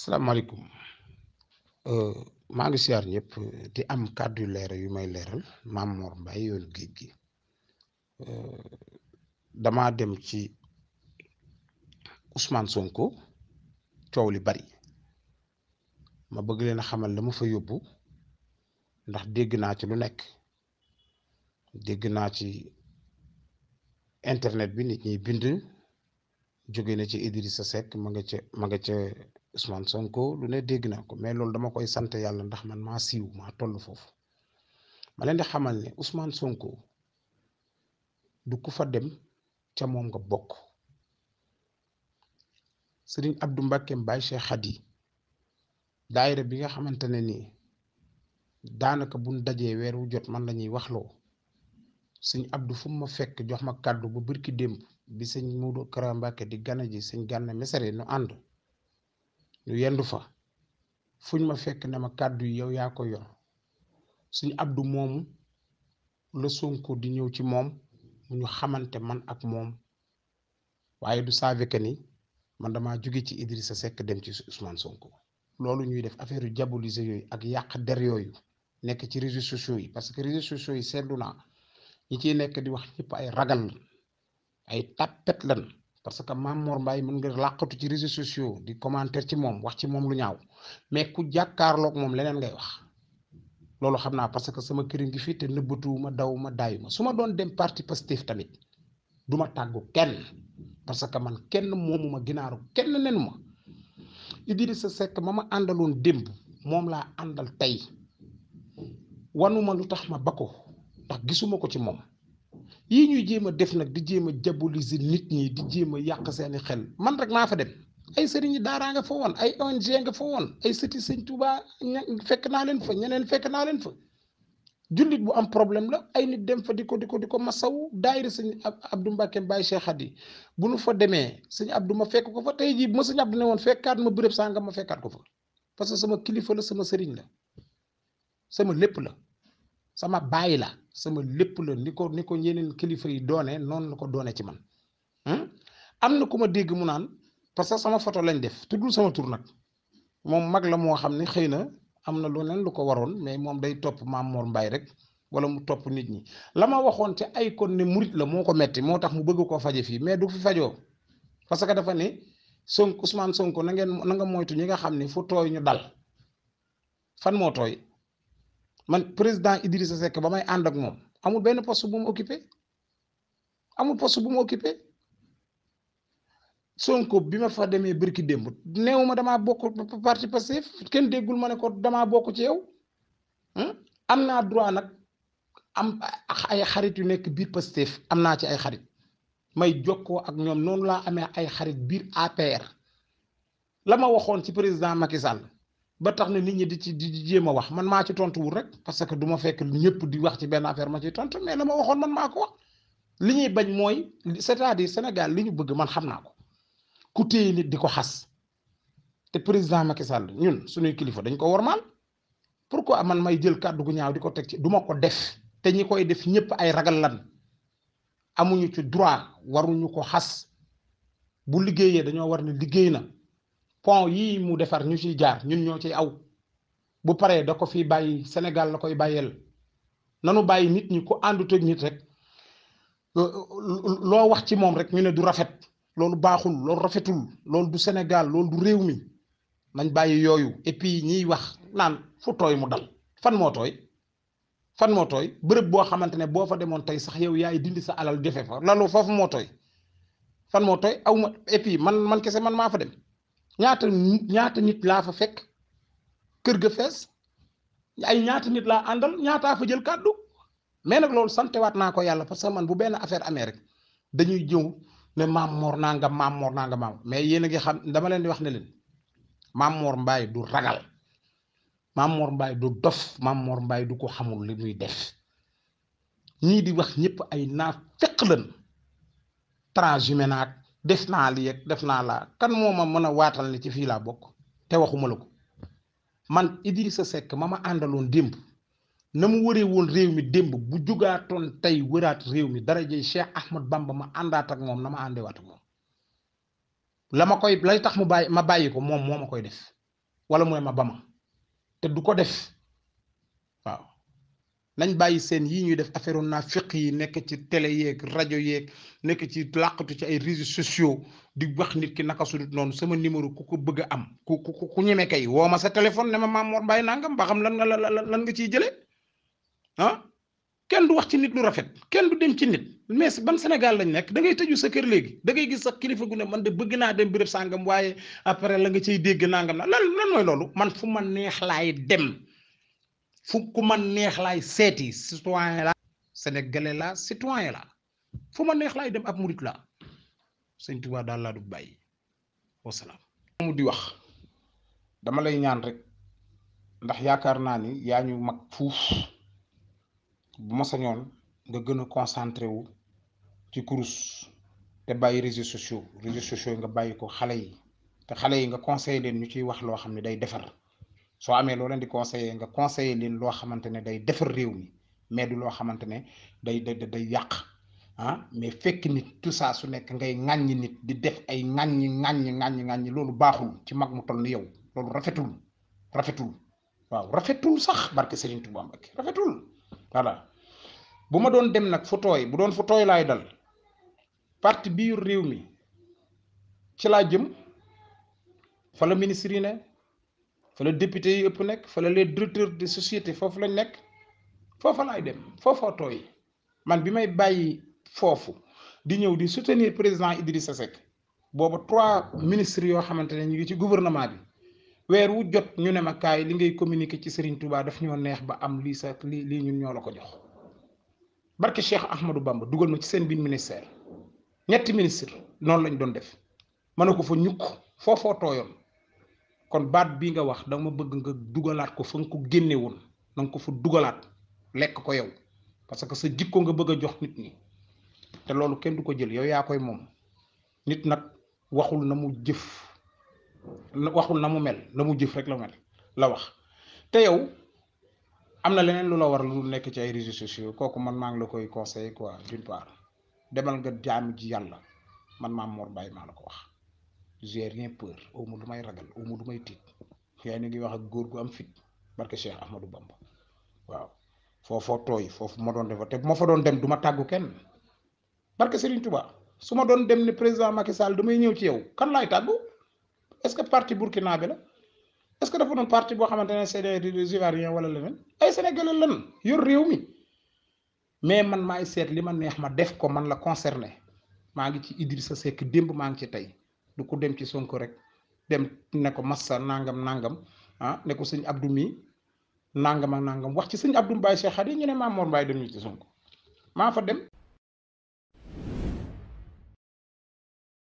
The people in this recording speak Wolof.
salaamaaleykum maa ngi siyaar ñëpp di am kàddu yu leer yu may leeral maam Mor Mbaye yoonu géej gi damaa dem ci Ousmane Sonko coow li bari ma bëgg leen xamal la mu fa yóbbu ndax dégg naa ci lu nekk dégg naa ci internet bi nit ñi bind. jóge na ci Idrissa Seck ma nga ca ma nga ca Ousmane Sonko lu ne dégg na ko mais loolu dama koy sant yàlla ndax man maa siiw ma toll foofu ma leen di xamal ne Ousmane Sonko du fa dem ca moom nga bokk Serigne Abdou Mbacke Mbaye Cheikh Khady daayira bi nga xamante ne nii daanaka buñ dajee weeru jot man la ñuy waxloo Serigne Abdou fu fekk jox ma kàddu bu birki démb bi sëñ Muudu Kara Mbàkke di gane ji sëñ Gana Messere nu ànd ñu yendu fa fuñ ma fekk ne ma kàddu yi yow yaa ko yor suñ abdu moomu la Sonko di ñëw ci moom mu ñu xamante man ak moom waaye du savé que ni man damaa jóge ci Idrissa Seck dem ci Ousmane Sonko loolu ñuy def affaire yu diabolisé yooyu ak yàq der yooyu nekk ci réseaux sociaux yi parce que réseaux sociaux yi seetlu naa ñi ciy nekk di wax ñëpp ay ragal ay tàppet lan parce que Mame Mor Mbaye mën nga làqatu ci réseaux sociaux di commentaire ci moom wax ci moom lu ñaaw mais ku jàkkaarloog moom leneen ngay wax loolu xam naa parce que sama këriñ gi fii te nëbbatuwuma dawuma daayuma su ma doon dem parti Pastef tamit du ma tàggu kenn parce que man kenn moomuma ginaaru kenn nenu ma sa Seck ma ma àndaloon démb moom laa àndal tey wanuma lu tax ma ba ko ndax gisuma ko ci moom yii ñuy jéem a def nag di jéem a si nit ñi di jéem yàq seeni xel man rek maa fa dem ay sëriñi daaraa nga fa woon ay ONG nga fa woon ay sëti sëñ Tuuba fekk naa leen fa ñeneen fekk naa leen fa jullit bu am problème la ay nit dem fa di ko di ko di ko masaw ab sëñ Abdou Mbacke Baye Cheikh Hadi bu nu fa demee sëñ du ma fekk ko fa tey jii bu ma sëñ Abdou ne woon fekkaat ma béréb sàngam ma fekkaat ko fa parce que sama kilifa la sama sëriñ la sama lépp la sama bàyyi la sama lépp la ni ko ni ko yeneen kilifa yi doone noonu la ko doone ci man hmm? am na ku ma dégg mu naan parce que sama photo lañ def tuddul sama tur nag moom mag la moo xam ne xëy na am na leneen lu ko waroon mais moom day topp Maam Mor Mbaye rek wala mu topp nit ñi la ma waxoon ci ay kon ne la moo ko metti moo tax mu bëgg koo faje fii mais du fajoo parce que dafa ne Sonko Ousmane Sonko na ngeen na nga moytu ñi nga xam ne fu tooy ñu dal fan moo tooy. man président Idrissa Seck ba may ànd ak moom amul benn poste bu mu occupé amul poste bu mu occupé Sonko bi ma fa demee bërki démb néew ma damaa bokk parti Pastef kenn déggul ma ne ko damaa bokk ci yow hmm? am naa droit nag am ay xarit yu nekk biir Pastef am naa ci ay xarit may jokkoo ak ñoom noonu laa amee ay xarit biir APR la ma waxoon ci président Macky Sall ba tax na nit ñi di ci di jéem a wax man maa ci tontuwul rek parce que duma fekk ñëpp di wax ci benn affaire ma ciy tontu mais na ma waxoon man maa ko wax li ñuy bañ mooy cest à Sénégal li ñu bëgg man xam naa ko ku nit di ko xas te président Macky Sall ñun suñuy kilifa dañ ko war wormaal pourquoi man may jël kàddu gu ñaaw di ko teg ci duma ma ko def te ñi koy def ñëpp ay ragal lan amuñu ci droit waruñu ko xas bu liggéeyee dañoo war ne liggéey na. pont yii mu defar ñu ciy jaar ñun ñoo ciy aw bu paree da ko fi bàyyi Sénégal la koy bàyyeel nanu bàyyi nit ñi ku ànd ak nit rek loo wax ci moom rek ñu ne du rafet loolu baaxul loolu rafetul loolu du Sénégal loolu du réew mi nañ bàyyi yooyu et puis ñiy wax naan fu tooy mu dal fan moo tooy fan moo tooy bërëb boo xamante ne boo fa demoon tey sax yow yaay dindi sa alal defe fa foofu moo tooy fan moo tooy aw man man kese man maa fa dem. ñaata ñaata nit laa fa fekk kër ga fees ay ñaata nit laa àndal ñaata fa jël kàddu mais nag loolu santewaat naa ko yàlla parce que man bu benn affaire amee dañuy ñëw ne maam moor naa nga maam moor naa mais yéen a ngi xam dama leen di wax ne leen maam moor mbaay du ragal maam moor mbaay du dof maam moor mbaay du ko xamul li muy def ñii di wax ñépp ay naa fekk leen transhumé naag def naa lii ak def naa laa kan moo ma mën a waatal ne ci fii laa bokk te waxuma la ko man sa sekk ma ma àndaloon démb na mu wëree woon réew mi démb bu jugaatoon tey wëraat réew mi dara daraje Cheikh Ahmad Bamba ma àndaat ak moom na ma àndee ak moom la ma koy lay tax mu bàyyi ma bàyyi ko moom moo ma koy def wala mooy ma bama te du ko def nañ bàyyi seen yii ñuy def affaire naafiq yi nekk ci télé yeeg rajo yeeg nekk ci làqatu ci ay réseaux sociaux di wax nit ki naka sudut noonu sama numéro ku ko bëgg am ku ku ku ñeme kay woo ma sa téléphone ne ma Mame Mor Mbaye nangam ba xam lan nga lan nga ciy jëlee ah? kenn du wax ci nit lu rafet kenn du dem ci nit mais ban Sénégal lañ nekk da ngay tëju sa kër léegi da ngay gis sa kilifa gu ne man de bëgg naa dem béréb sàngam waaye après la nga ciy dégg nangam na lan lan mooy loolu man fu ma neex laay dem. fu ku neex laay seeti citoyen la sénégalais la citoyen la fu ma neex laay dem ak murit la sëñ Tuubaa daal laa du bàyyi wasalaam mu di wax dama lay ñaan rek ndax yaakaar naa ni yaa ñu mag fuuf bu ma sañoon nga gën a concentré wu ci kurus te bàyyi réseaux sociaux réseaux sociaux nga bàyyi ko xale yi te xale yi nga conseillé leen ñu ciy wax loo xam ne day defar soo amee loo di conseiller nga conseiller leen loo xamante ne day defar réew mi mais du loo xamante ne day day yàq ah mais fekk nit tout ça su nekk ngay ŋàññi nit di def ay ŋàññi ŋàññi ŋàññi ŋàññi loolu baaxul ci mag mu toll ni yow loolu rafetul rafetul waaw rafetul sax barke Serigne Touba Mbacké rafetul voilà bu ma doon dem nag fu tooy bu doon fu tooy lay dal parti biir réew mi ci laa jëm fa la ministre ne fa la député yi ëpp nekk fa la les directeurs de société foofu lañ nekk foofa laay dem foofoo tooy man bi may bàyyi foofu di ñëw di soutenir président sa Seck boobu trois ministres yoo xamante ne ñu ngi ci gouvernement bi weer wu jot ñu ne ma kaay li ngay communiqué ci Serigne Touba daf ñoo neex ba am lii sa lii lii ñun ñoo la ko jox barke Cheikh Ahmadou Bamba dugal ma ci seen biir ministère ñetti ministre noonu lañ doon def ma ne ko fa ñukk foofoo tooyoon. kon baat bi nga wax dama bëgg nga dugalaat ko fa nga ko génne woon na ko fa dugalaat lekk ko yow parce que sa jikko nga bëgg a jox nit ñi te loolu kenn du ko jël yow yaa koy moom nit nag waxul na mu jëf waxul na mu mel na mu jëf rek la mel la wax te yow am na leneen lu la war lu nekk ci ay réseaux sociaux kooku man maa ngi la koy conseillé quoi d'une part demal nga jaami ji yàlla man maam Mor Baye maa la ko wax j'ai rien peur aw ma lu may ragal aw ma lu may tiit yaa ngi wax a góor gu am fit barke Cheikh Ahmadou Bamba waaw foofoo tooy foofu ma doon defa te bu fa doon dem du ma tàggu kenn barke Serigne Touba su ma doon dem ne président Macky Sall may ñëw ci yow kan laay tàggu est-ce que parti Burkina bi la est-ce que dafa doon parti boo xamante ne c'est des Ivoiriens wala leneen ay Sénégalais lan yor réew mi mais man maay seet li ma neex ma def ko man la concerné maa ngi ci Idrissa Seck démb maa ngi ci tey. du ko dem ci sunk rek dem ne ko massa nangam nangam ah ne ko sëñ Abdou mi nangam ak nangam wax ci sëñ Abdou Mbaye Cheikh Khady ñu ne Maam Mor Mbaye dem ñu ci Sonko maa fa dem